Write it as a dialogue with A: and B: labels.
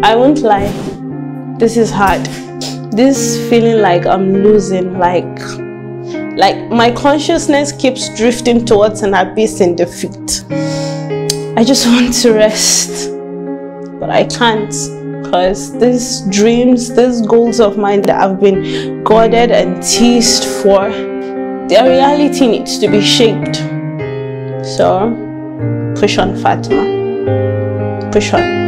A: I won't lie, this is hard. This feeling like I'm losing, like, like my consciousness keeps drifting towards an abyss in defeat. I just want to rest, but I can't because these dreams, these goals of mine that I've been guarded and teased for, their reality needs to be shaped. So, push on, Fatima. Push on.